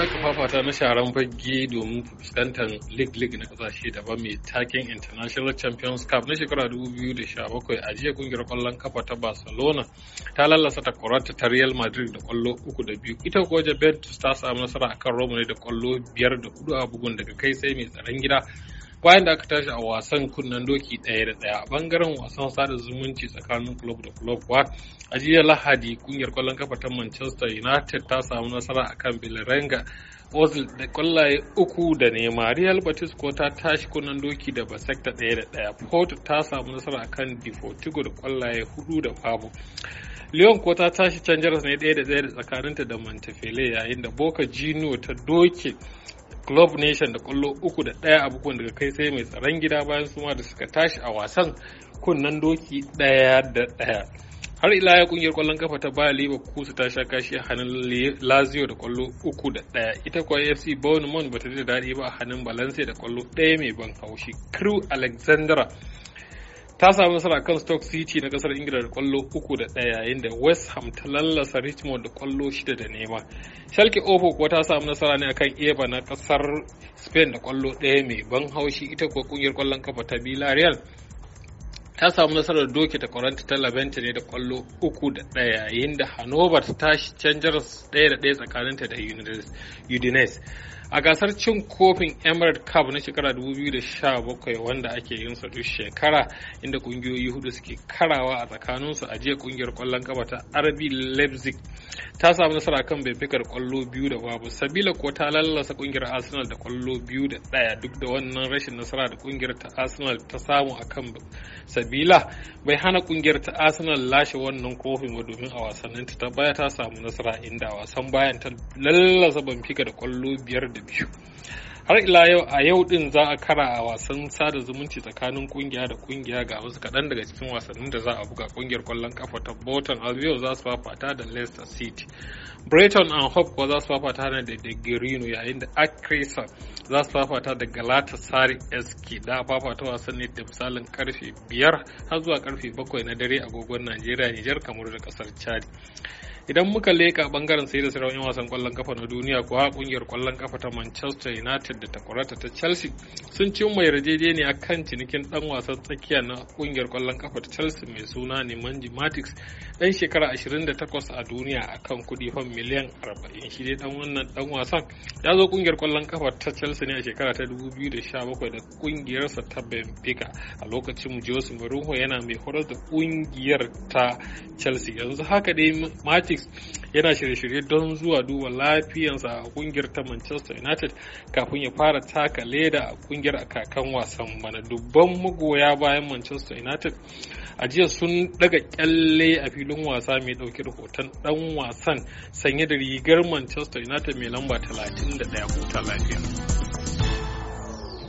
sake fafata na sharan fage domin fuskantar league league na kasashe daban mai taken international champions cup na shekara 2017 a jiya kungiyar kwallon kafa ta barcelona ta lallasa ta ta real madrid da kwallo uku da biyu ita kuwa juventus ta samu nasara akan kan ne da kwallo biyar da hudu a bugun daga kai sai mai tsaron gida bayan da aka tashi a wasan kunnen doki ɗaya da ɗaya a bangaren wasan sada zumunci tsakanin club da club kuwa a jiya lahadi kungiyar kwallon kafa ta manchester united ta samu nasara akan bilrenga ozil da kwallaye uku da nema real batis ko ta tashi kunnen doki da basekta daya da daya. port ta samu nasara akan defortigo da kwallaye hudu da babu Leon ko ta tashi can ne daya da ɗaya da tsakaninta da Montefiore yayin da Boca Junior ta doke club nation da kwallo uku da daya a daga kai sai mai tsaron gida bayan su ma da suka tashi a wasan kunnan doki daya da daya. har ila ya kungiyar kwallon kafa ta baya liverpool su ta sha kashi a hannun lazio da kwallo uku da daya ita kuwa fc bournemouth ji da daɗi ba a hannun valencia da kwallo daya mai ban haushi crew alexandra ta samu nasara kan Stoke City na kasar Ingila da kwallo uku da ɗaya yayin da West Ham ta lallasa Richmond da kwallo shida da nema. Schalke 0 kuwa ta samu nasara ne akan Eba na kasar Spain da kwallo ɗaya mai ban haushi ita kuwa kungiyar kwallon kafa ta Villarreal ta samu nasarar doke ta kwaranta ta labenta ne da kwallo uku da ɗaya yayin da Hannover ta shi canjar ɗaya da ɗaya tsakaninta da Udinese. a gasar cin kofin emirate cup na shekara 2017 wanda ake yin sa duk shekara inda kungiyoyi hudu suke karawa a tsakaninsu a jiya kungiyar kwallon kafa ta rb leipzig ta samu nasara kan benficar kwallo biyu da babu sabila ko ta lallasa kungiyar arsenal da kwallo biyu da daya duk da wannan rashin nasara da kungiyar ta arsenal ta samu kan sabila bai hana kungiyar ta arsenal lashe wannan kofin ba domin a wasannin ta baya ta samu nasara inda wasan bayan ta lallasa benfica da kwallo biyar da biyu har ila yau a yau din za a kara a wasan sada zumunci tsakanin kungiya da kungiya ga wasu kaɗan daga cikin wasannin da za a buga kungiyar kwallon kafa ta Bolton Albion za su fafata da Leicester City Brighton and Hope kuwa za su fafata ne da Degerino yayin da Akresa za su fafata da Galatasaray SK da fafata wasan ne da misalin karfe biyar har zuwa karfe bakwai na dare agogon Najeriya Nijar kamar da kasar Chad idan muka leka bangaren sai da sarauni wasan kwallon kafa na duniya ko ha kungiyar kwallon kafa ta manchester united da ta kwarata ta chelsea sun ci mai yarjejeniya kan cinikin dan wasan tsakiya na kungiyar kwallon kafa ta chelsea mai suna nemanji matix dan shekara 28 a duniya akan kudi fan miliyan 40 shi dai dan wannan dan wasan ya zo kungiyar kwallon kafa ta chelsea ne a shekara ta 2017 da kungiyarsa ta benfica a lokacin jose mourinho yana mai horar da kungiyar ta chelsea yanzu haka dai matix yana shirye-shirye don zuwa duba lafiyansa a kungiyar ta Manchester United kafin ya fara taka leda a kungiyar a kakan wasan bana dubban magoya bayan Manchester United a jiya sun daga kyalle a filin wasa mai dauke da hoton dan wasan sanye da rigar Manchester United mai lamba 31 ta lafiya.